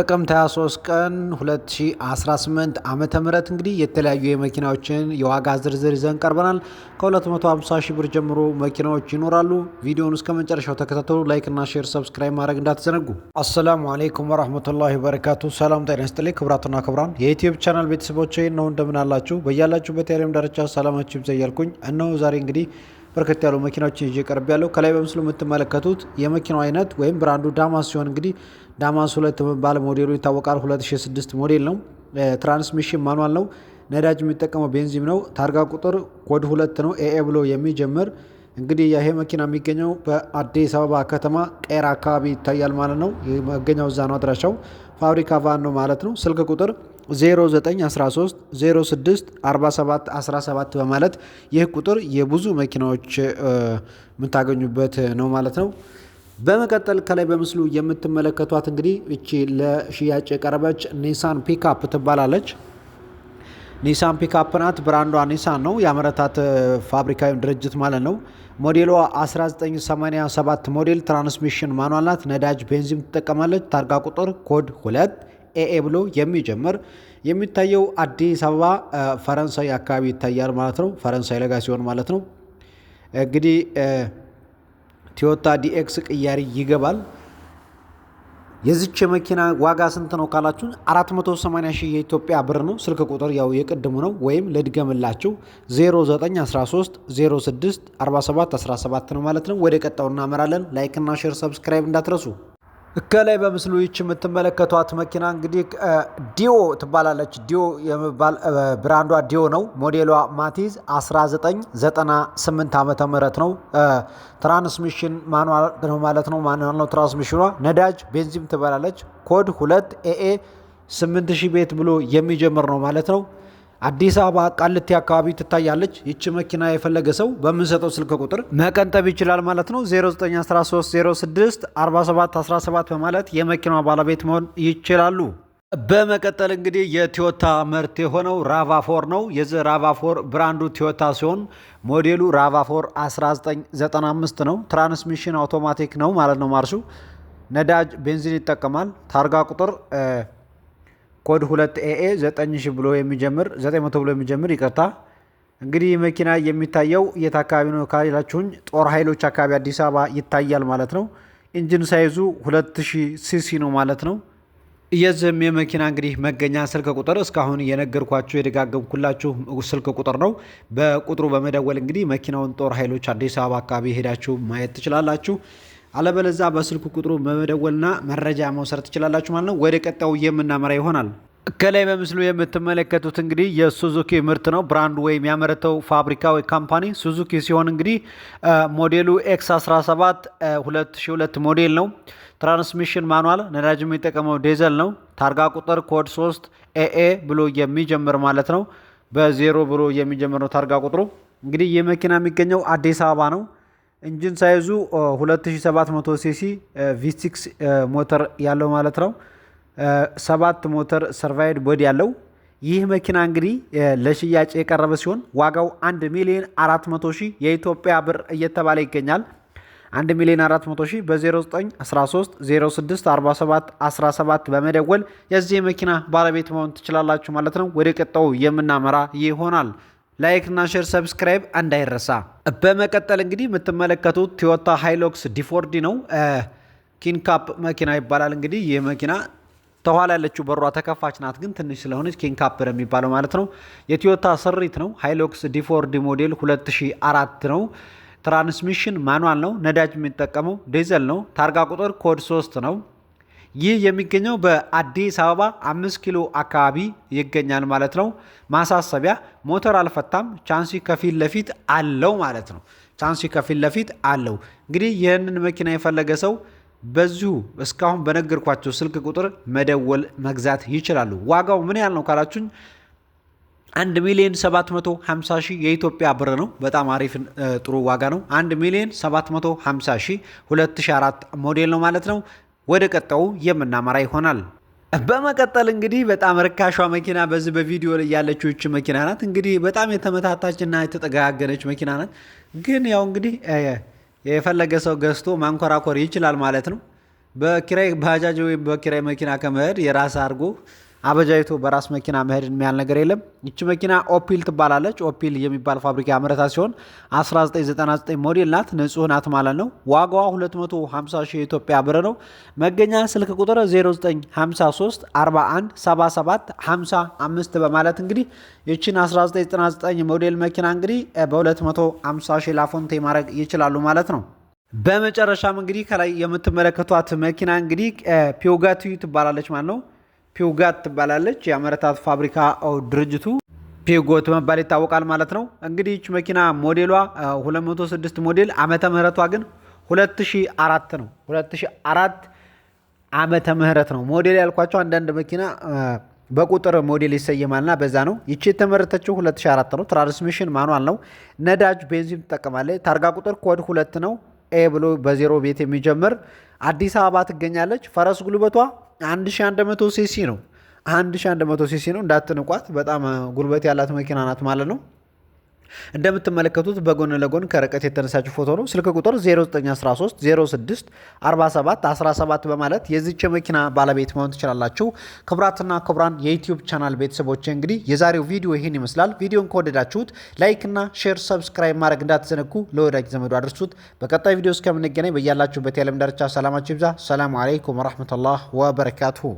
ጥቅምት 23 ቀን 2018 ዓመተ ምህረት እንግዲህ የተለያዩ የመኪናዎችን የዋጋ ዝርዝር ይዘን ቀርበናል። ከ250 ሺህ ብር ጀምሮ መኪናዎች ይኖራሉ። ቪዲዮውን እስከ መጨረሻው ተከታተሉ። ላይክ እና ሼር፣ ሰብስክራይብ ማድረግ እንዳትዘነጉ። አሰላሙ አሌይኩም ወራህመቱላሂ ወበረካቱ። ሰላም ጤና ይስጥልኝ ክቡራትና ክቡራን የዩቲዩብ ቻናል ቤተሰቦች ነው እንደምን አላችሁ? በያላችሁበት የዓለም ዳርቻ ሰላማችሁ ይብዛ እያልኩኝ እነሆ ዛሬ እንግዲህ በርከት ያሉ መኪናዎችን ይዤ ቀርብ ያለው። ከላይ በምስሉ የምትመለከቱት የመኪናው አይነት ወይም ብራንዱ ዳማስ ሲሆን እንግዲህ ዳማስ ሁለት በመባል ሞዴሉ ይታወቃል። 2006 ሞዴል ነው። ትራንስሚሽን ማኗል ነው። ነዳጅ የሚጠቀመው ቤንዚም ነው። ታርጋ ቁጥር ኮድ ሁለት ነው። ኤኤ ብሎ የሚጀምር እንግዲህ ይሄ መኪና የሚገኘው በአዲስ አበባ ከተማ ቀራ አካባቢ ይታያል ማለት ነው። መገኛው እዛ ነው። አድራሻው ፋብሪካ ቫን ነው ማለት ነው። ስልክ ቁጥር 0913 47 17 በማለት ይህ ቁጥር የብዙ መኪናዎች የምታገኙበት ነው ማለት ነው። በመቀጠል ከላይ በምስሉ የምትመለከቷት እንግዲህ እቺ ለሽያጭ የቀረበች ኒሳን ፒካፕ ትባላለች። ኒሳን ፒካፕ ናት። ብራንዷ ኒሳን ነው። የአመረታት ፋብሪካ ወይም ድርጅት ማለት ነው። ሞዴሏ 1987 ሞዴል ትራንስሚሽን ማኗል ናት። ነዳጅ ቤንዚን ትጠቀማለች። ታርጋ ቁጥር ኮድ 2 ኤኤ ብሎ የሚጀምር የሚታየው አዲስ አበባ ፈረንሳይ አካባቢ ይታያል ማለት ነው። ፈረንሳይ ለጋ ሲሆን ማለት ነው። እንግዲህ ቶዮታ ዲኤክስ ቅያሪ ይገባል። የዚች የመኪና ዋጋ ስንት ነው ካላችሁ 480 ሺህ የኢትዮጵያ ብር ነው። ስልክ ቁጥር ያው የቅድሙ ነው፣ ወይም ልድገምላችሁ 0913 06 47 17 ነው ማለት ነው። ወደ ቀጣው እናመራለን። ላይክና ሼር ሰብስክራይብ እንዳትረሱ። ከላይ በምስሉ ይች የምትመለከቷት መኪና እንግዲህ ዲዮ ትባላለች። ዲዮ የሚባል ብራንዷ ዲዮ ነው። ሞዴሏ ማቲዝ 1998 ዓመተ ምህረት ነው። ትራንስሚሽን ማኑዋል ነው ማለት ነው። ማኑዋል ነው ትራንስሚሽኗ። ነዳጅ ቤንዚም ትባላለች ኮድ 2 ኤኤ 8000 ቤት ብሎ የሚጀምር ነው ማለት ነው። አዲስ አበባ አቃልቴ አካባቢ ትታያለች። ይቺ መኪና የፈለገ ሰው በምንሰጠው ስልክ ቁጥር መቀንጠብ ይችላል ማለት ነው። 0913064717 በማለት የመኪናዋ ባለቤት መሆን ይችላሉ። በመቀጠል እንግዲህ የቶዮታ ምርት የሆነው ራቫፎር ነው። የዚህ ራቫፎር ብራንዱ ቶዮታ ሲሆን ሞዴሉ ራቫፎር 1995 ነው። ትራንስሚሽን አውቶማቲክ ነው ማለት ነው። ማርሹ ነዳጅ ቤንዚን ይጠቀማል። ታርጋ ቁጥር ኮድ ሁለት ኤኤ 9000 ብሎ የሚጀምር 900 ብሎ የሚጀምር ይቅርታ። እንግዲህ መኪና የሚታየው የት አካባቢ ነው ካላችሁኝ፣ ጦር ኃይሎች አካባቢ አዲስ አበባ ይታያል ማለት ነው። ኢንጂን ሳይዙ 2000 ሲሲ ነው ማለት ነው። የዚህም የመኪና እንግዲህ መገኛ ስልክ ቁጥር እስካሁን የነገርኳችሁ የደጋገምኩላችሁ ስልክ ቁጥር ነው። በቁጥሩ በመደወል እንግዲህ መኪናውን ጦር ኃይሎች አዲስ አበባ አካባቢ ሄዳችሁ ማየት ትችላላችሁ። አለበለዛ በስልክ ቁጥሩ በመደወልና መረጃ መውሰድ ትችላላችሁ ማለት ነው። ወደ ቀጣዩ የምናመራ ይሆናል። ከላይ በምስሉ የምትመለከቱት እንግዲህ የሱዙኪ ምርት ነው። ብራንድ ወይም ያመረተው ፋብሪካ ወይ ካምፓኒ ሱዙኪ ሲሆን እንግዲህ ሞዴሉ ኤክስ 17 2002 ሞዴል ነው። ትራንስሚሽን ማኑዋል፣ ነዳጅ የሚጠቀመው ዴዘል ነው። ታርጋ ቁጥር ኮድ 3 ኤኤ ብሎ የሚጀምር ማለት ነው። በዜሮ ብሎ የሚጀምር ነው ታርጋ ቁጥሩ። እንግዲህ የመኪና የሚገኘው አዲስ አበባ ነው። ኢንጂን ሳይዙ 2700 ሲሲ ቪ6 ሞተር ያለው ማለት ነው። ሰባት ሞተር ሰርቫይድ ቦዲ ያለው ይህ መኪና እንግዲህ ለሽያጭ የቀረበ ሲሆን ዋጋው 1 ሚሊዮን 400 ሺህ የኢትዮጵያ ብር እየተባለ ይገኛል። 1 ሚሊዮን 400 ሺህ በ0913 06 47 17 በመደወል የዚህ መኪና ባለቤት መሆን ትችላላችሁ ማለት ነው። ወደ ቀጣው የምናመራ ይሆናል። ላይክ እና ሼር ሰብስክራይብ እንዳይረሳ። በመቀጠል እንግዲህ የምትመለከቱት ቶዮታ ሃይሎክስ ዲፎርዲ ነው። ኪንካፕ መኪና ይባላል። እንግዲህ ይህ መኪና ተኋላ ያለችው በሯ ተከፋች ናት፣ ግን ትንሽ ስለሆነች ኪንካፕ ነው የሚባለው ማለት ነው። የቶዮታ ስሪት ነው። ሃይሎክስ ዲፎርዲ ሞዴል 2004 ነው። ትራንስሚሽን ማኑዋል ነው። ነዳጅ የሚጠቀመው ዲዘል ነው። ታርጋ ቁጥር ኮድ 3 ነው። ይህ የሚገኘው በአዲስ አበባ አምስት ኪሎ አካባቢ ይገኛል ማለት ነው። ማሳሰቢያ ሞተር አልፈታም፣ ቻንሲ ከፊት ለፊት አለው ማለት ነው። ቻንሲ ከፊት ለፊት አለው። እንግዲህ ይህንን መኪና የፈለገ ሰው በዚሁ እስካሁን በነገርኳቸው ስልክ ቁጥር መደወል መግዛት ይችላሉ። ዋጋው ምን ያህል ነው ካላችሁኝ አንድ ሚሊዮን 750 ሺህ የኢትዮጵያ ብር ነው። በጣም አሪፍ ጥሩ ዋጋ ነው። አንድ ሚሊዮን 750 ሺህ 2004 ሞዴል ነው ማለት ነው። ወደ ቀጣው የምናመራ ይሆናል። በመቀጠል እንግዲህ በጣም ርካሿ መኪና በዚህ በቪዲዮ ላይ ያለችው መኪና ናት። እንግዲህ በጣም የተመታታችና የተጠጋገነች መኪና ናት። ግን ያው እንግዲህ የፈለገ ሰው ገዝቶ ማንኮራኮር ይችላል ማለት ነው። በኪራይ ባጃጅ ወይም በኪራይ መኪና ከመሄድ የራስ አድርጎ አበጃይቶ በራስ መኪና መሄድን የሚያል ነገር የለም። ይቺ መኪና ኦፒል ትባላለች። ኦፒል የሚባል ፋብሪካ ያመረታ ሲሆን 1999 ሞዴል ናት። ንጹህ ናት ማለት ነው። ዋጋዋ 250 ሺህ የኢትዮጵያ ብር ነው። መገኛ ስልክ ቁጥር 0953 41 77 55 በማለት እንግዲህ ይችን 1999 ሞዴል መኪና እንግዲህ በ250 ሺህ ላፎንቴ ማድረግ ይችላሉ ማለት ነው። በመጨረሻም እንግዲህ ከላይ የምትመለከቷት መኪና እንግዲህ ፒዮጋቱ ትባላለች ማለት ነው። ፒውጋት ትባላለች። የአመረታት ፋብሪካ ድርጅቱ ፒጎት በመባል ይታወቃል ማለት ነው። እንግዲህ ይች መኪና ሞዴሏ 206 ሞዴል አመተ ምህረቷ ግን 2004 ነው። 2004 አመተ ምህረት ነው። ሞዴል ያልኳቸው አንዳንድ መኪና በቁጥር ሞዴል ይሰየማልና በዛ ነው። ይቺ የተመረተችው 2004 ነው። ትራንስሚሽን ማኗል ነው። ነዳጅ ቤንዚን ትጠቀማለች። ታርጋ ቁጥር ኮድ ሁለት ነው። ኤ ብሎ በዜሮ ቤት የሚጀምር አዲስ አበባ ትገኛለች። ፈረስ ጉልበቷ 1100 ሲሲ ነው። 1100 ሲሲ ነው። እንዳትንቋት። በጣም uh, ጉልበት ያላት መኪና ናት ማለት ነው። እንደምትመለከቱት በጎን ለጎን ከርቀት የተነሳችው ፎቶ ነው። ስልክ ቁጥር 0913 47 17 በማለት የዚች መኪና ባለቤት መሆን ትችላላችሁ። ክብራትና ክብራን የዩትዩብ ቻናል ቤተሰቦች እንግዲህ የዛሬው ቪዲዮ ይህን ይመስላል። ቪዲዮን ከወደዳችሁት ላይክና ሼር፣ ሰብስክራይብ ማድረግ እንዳትዘነጉ። ለወዳጅ ዘመዱ አድርሱት። በቀጣይ ቪዲዮ እስከምንገናኝ በያላችሁበት የዓለም ዳርቻ ሰላማችሁ ይብዛ። ሰላሙ አለይኩም ወረህመቱላህ ወበረካቱሁ።